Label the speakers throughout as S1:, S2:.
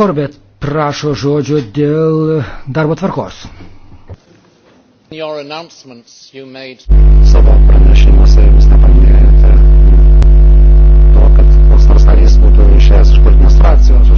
S1: Korbet prašo žodžio dėl darbo tvarkos.
S2: Made... Savo pranešimuose jūs nepaminėjote to, kad koks nors narys būtų išėjęs iš administracijos.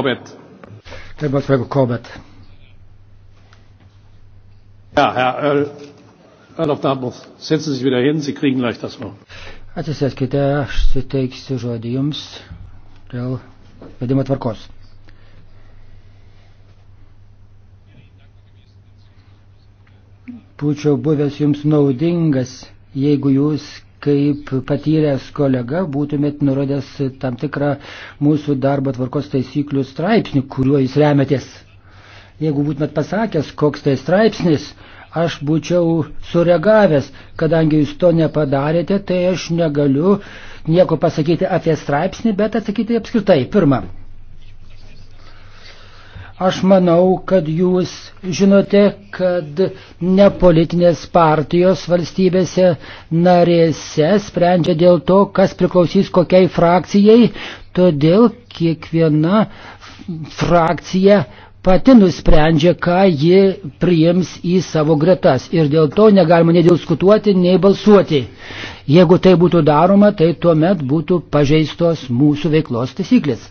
S2: Corbett.
S1: Klebert Franco Corbett.
S2: Ja, Herr Öl, Öl
S1: of Dartmouth, setzen Sie sich wieder hin, Sie kriegen gleich das Wort. Atsisėskite, aš suteiksiu žodį Jums dėl vedimo tvarkos. Būčiau buvęs Jums naudingas, jeigu Jūs kaip patyręs kolega būtumėt nurodęs tam tikrą mūsų darbo tvarkos taisyklių straipsnį, kuriuo jūs remetės. Jeigu būtumėt pasakęs, koks tai straipsnis, aš būčiau sureagavęs, kadangi jūs to nepadarėte, tai aš negaliu nieko pasakyti apie straipsnį, bet atsakyti apskritai. Pirma, Aš manau, kad jūs žinote, kad nepolitinės partijos valstybėse narėse sprendžia dėl to, kas priklausys kokiai frakcijai, todėl kiekviena frakcija pati nusprendžia, ką ji priims į savo gretas. Ir dėl to negalima nei diskutuoti, nei balsuoti. Jeigu tai būtų daroma, tai tuomet būtų pažeistos mūsų veiklos taisyklės.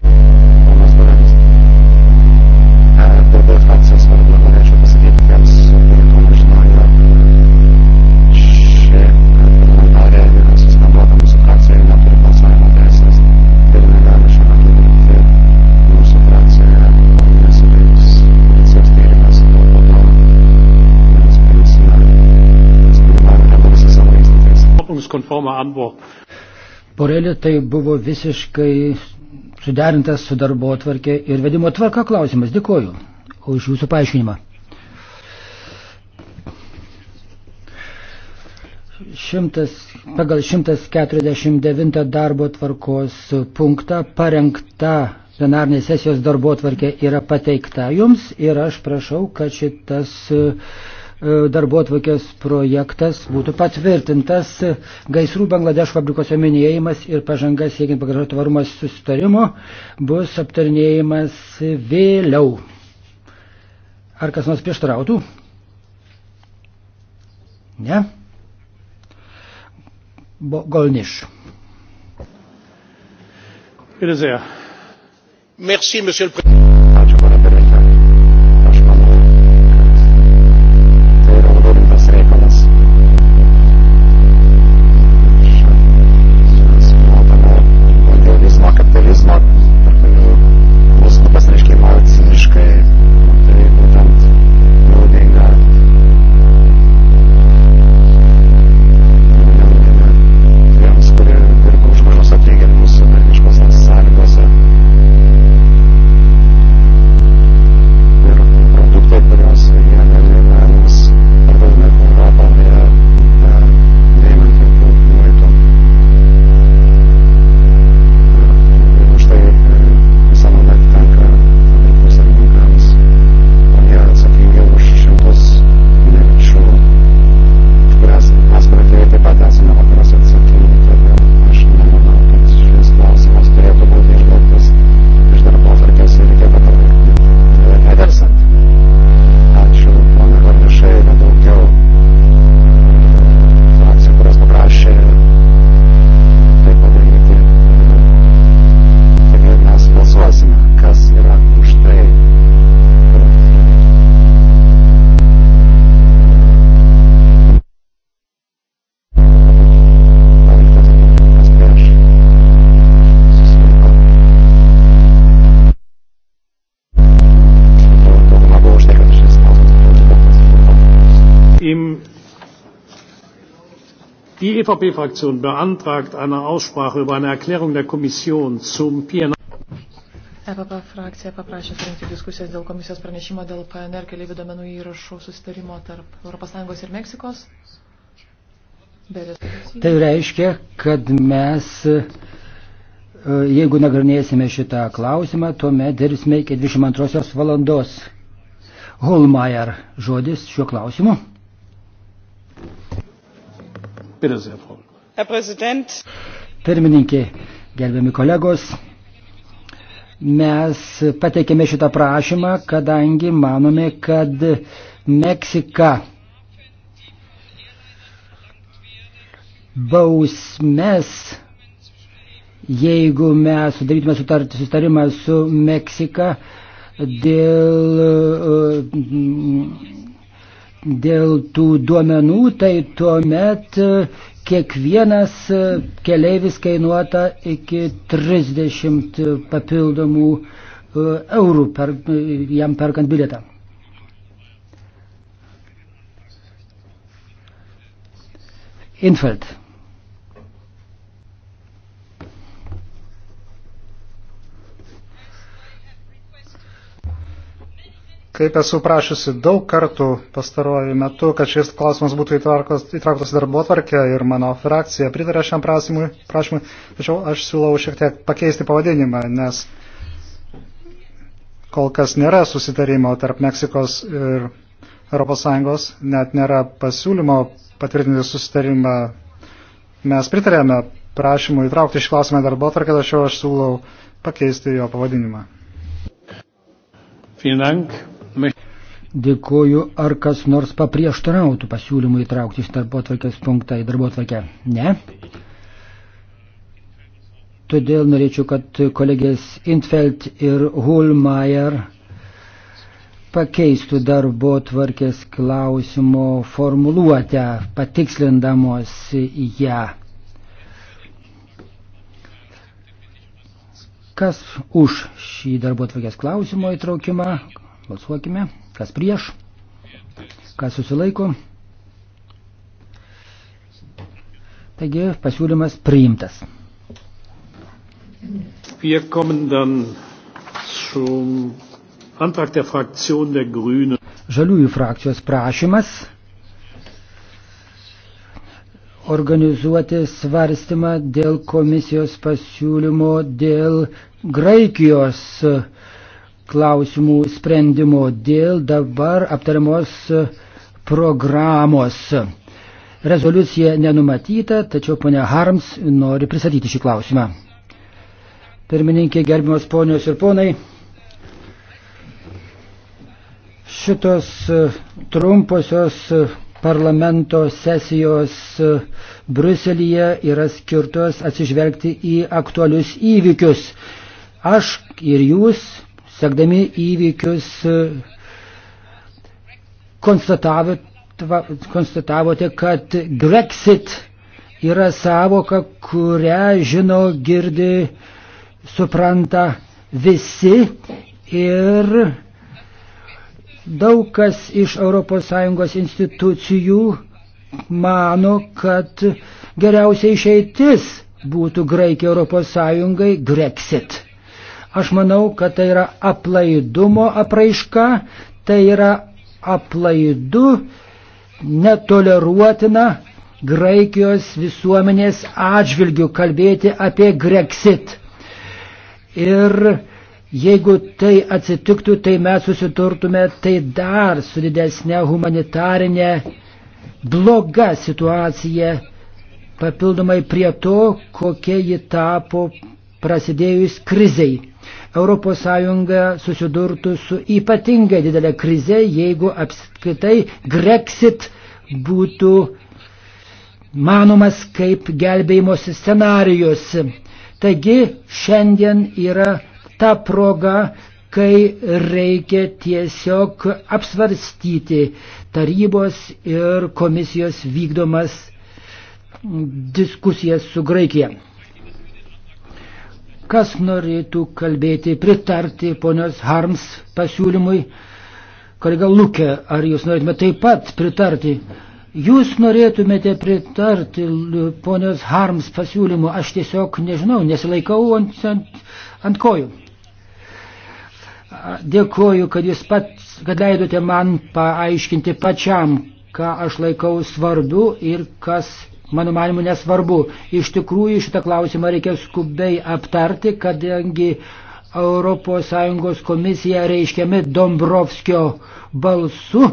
S1: kompromisskonforme Antwort. Borelė tai buvo visiškai suderintas su darbo tvarkė ir vedimo tvarka klausimas. Dėkoju už jūsų paaiškinimą. Šimtas, pagal 149 darbo tvarkos punktą parengta plenarnės sesijos darbo tvarkė yra pateikta jums ir aš prašau, kad šitas uh, E, darbuotvokės projektas būtų patvirtintas gaisrų Bangladeš fabrikose minėjimas ir pažanga siekiant pagražo tvarumas susitarimo bus aptarinėjimas vėliau. Ar kas nors prieštarautų? Ne? Bo, Golniš. Merci, monsieur le président. die evp fraktion beantragt eine aussprache über eine erklärung der kommission zum pnr
S2: EPP frakcija paprašė surinkti diskusijas dėl komisijos pranešimo dėl PNR keliaivių duomenų įrašų susitarimo tarp ES ir Meksikos. Tai
S1: reiškia, kad mes, e, jeigu nagrinėsime šitą klausimą, tuomet dirbsime iki 22 valandos. Holmeier žodis šiuo klausimu.
S2: Herr Präsident.
S1: Pirmininkė, gerbiami kolegos, mes pateikėme šitą prašymą, kadangi manome, kad Meksika bausmes, jeigu mes sudarytume susitarimą su Meksika dėl uh, dėl tų duomenų, tai tuomet e, kiekvienas e, keleivis kainuota iki 30 papildomų e, eurų per, jam perkant bilietą. Infeld. Kaip esu prašusi daug kartų pastaruoju metu, kad šis klausimas būtų įtrauktas į darbo atvarkę ir mano frakcija pritarė šiam prašymui, prašymui, tačiau aš siūlau šiek tiek pakeisti pavadinimą, nes kol kas nėra susitarimo tarp Meksikos ir ES, net
S2: nėra pasiūlymo patvirtinti susitarimą. Mes pritarėme
S1: prašymui įtraukti šį klausimą į darbo atvarkę, tačiau aš siūlau pakeisti jo pavadinimą. Vielen Dank. Dėkuoju, ar kas nors paprieštarautų pasiūlymų įtraukti iš darbo atvarkės punktą į darbo atvarkę? Ne. Todėl norėčiau, kad kolegės Intfeld ir Hulmeier pakeistų darbo tvarkės klausimo formuluotę, patikslindamos ją. Kas už šį darbo tvarkės klausimo įtraukimą? Balsuokime. Kas prieš? Kas susilaiko? Taigi pasiūlymas priimtas. Wir kommen dann zum Antrag der Fraktion der Grünen. Žaliųjų frakcijos prašymas organizuoti svarstymą dėl komisijos pasiūlymo dėl Graikijos klausimų sprendimo dėl dabar aptariamos programos. Rezoliucija nenumatyta, tačiau ponia Harms nori pristatyti šį klausimą. Pirmininkė, gerbiamas ponios ir ponai, šitos trumposios parlamento sesijos Bruselėje yra skirtos atsižvelgti į aktualius įvykius. Aš ir jūs sekdami įvykius, konstatavote, kad Grexit yra savoka, kurią žino, girdi, supranta visi ir daug kas iš ES institucijų mano, kad geriausia išeitis būtų Graikija ES Grexit. Aš manau, kad tai yra aplaidumo apraiška, tai yra aplaidu, netoleruotina Graikijos visuomenės atžvilgių kalbėti apie Grexit. Ir jeigu tai atsitiktų, tai mes susiturtume tai dar su didesnė humanitarinė bloga situacija papildomai prie to, kokia ji tapo prasidėjus krizei. ES susidurtų su ypatingai didelė krize, jeigu apskritai Grexit būtų manomas kaip gelbėjimosi scenarijus. Taigi šiandien yra ta proga, kai reikia tiesiog apsvarstyti tarybos ir komisijos vykdomas diskusijas su Graikija. Kas norėtų kalbėti, pritarti ponios Harms pasiūlymui? Kolega Lukė, ar jūs norėtumėte taip pat pritarti? Jūs norėtumėte pritarti ponios Harms pasiūlymu, aš tiesiog nežinau, nesilaikau ant, ant, ant kojų. Dėkuoju, kad jūs pats, kad leidote man paaiškinti pačiam, ką aš laikau svarbiu ir kas mano manimu, nesvarbu. Iš tikrųjų šitą klausimą reikia skubiai aptarti, kadangi ES komisija reiškiami Dombrovskio balsu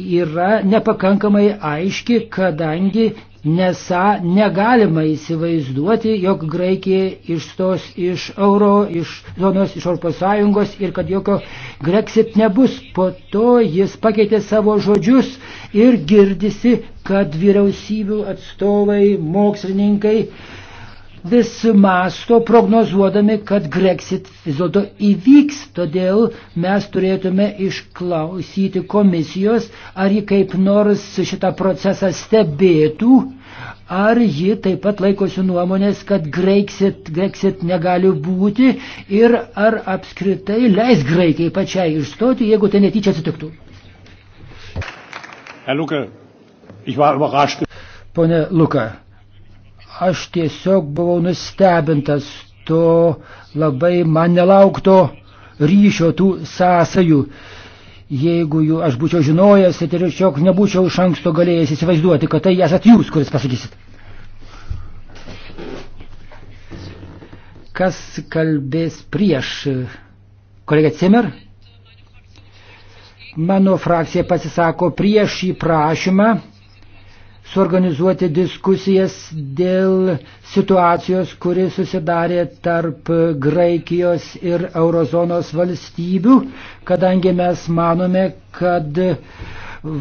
S1: yra nepakankamai aiški, kadangi nesą negalima įsivaizduoti, jog Graikija išstos iš euro, iš zonos, iš Europos Sąjungos ir kad jokio Grexit nebus. Po to jis pakeitė savo žodžius ir girdisi, kad vyriausybių atstovai, mokslininkai vis masto prognozuodami, kad Grexit vis dėlto įvyks. Todėl mes turėtume išklausyti komisijos, ar ji kaip nors šitą procesą stebėtų, ar ji taip pat laikosi nuomonės, kad Grexit, Grexit negali būti ir ar apskritai leis Graikijai pačiai išstoti, jeigu tai netyčia atsitiktų. Herr Luke, ich war überrascht. Pone Luka, Aš tiesiog buvau nustebintas to labai man nelaukto ryšio tų sąsajų. Jeigu jų aš būčiau žinojęs, tai tiesiog nebūčiau iš anksto galėjęs įsivaizduoti, kad tai esat jūs, kuris pasakysit. Kas kalbės prieš kolegę Cimer? Mano frakcija pasisako prieš šį prašymą suorganizuoti diskusijas dėl situacijos, kuri susidarė tarp Graikijos ir eurozonos valstybių, kadangi mes manome, kad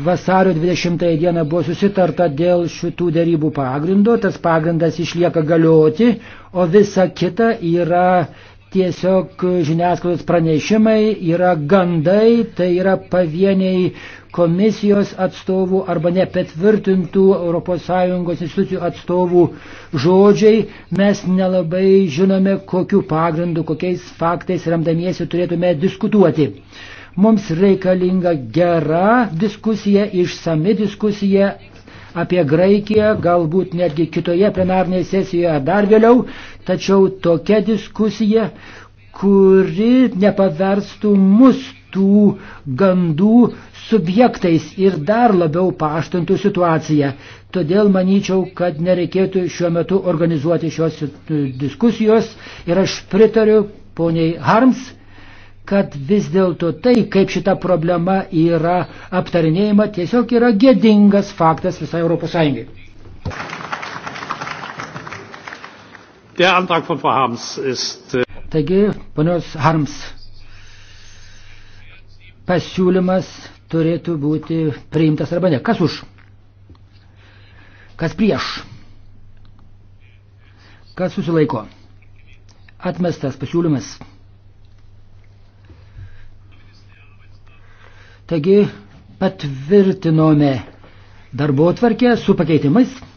S1: vasario 20 dieną buvo susitarta dėl šitų dėrybų pagrindo, tas pagrindas išlieka galioti, o visa kita yra tiesiog žiniasklaidos pranešimai yra gandai, tai yra pavieniai komisijos atstovų arba nepatvirtintų ES institucijų atstovų žodžiai. Mes nelabai žinome, kokiu pagrindu, kokiais faktais remdamiesi turėtume diskutuoti. Mums reikalinga gera diskusija, išsami diskusija, apie Graikiją, galbūt netgi kitoje plenarnėje sesijoje ar dar vėliau, tačiau tokia diskusija, kuri nepaverstų mus tų gandų subjektais ir dar labiau paštintų situaciją. Todėl manyčiau, kad nereikėtų šiuo metu organizuoti šios diskusijos ir aš pritariu poniai Harms, kad vis dėlto tai, kaip šita problema yra aptarinėjama, tiesiog yra gėdingas faktas visai Europos Sąjungai. Ist... Äh, Taigi, ponios Harms pasiūlymas turėtų būti priimtas arba ne. Kas už? Kas prieš? Kas susilaiko? Atmestas pasiūlymas. Taigi patvirtinome darbo tvarkę su pakeitimais.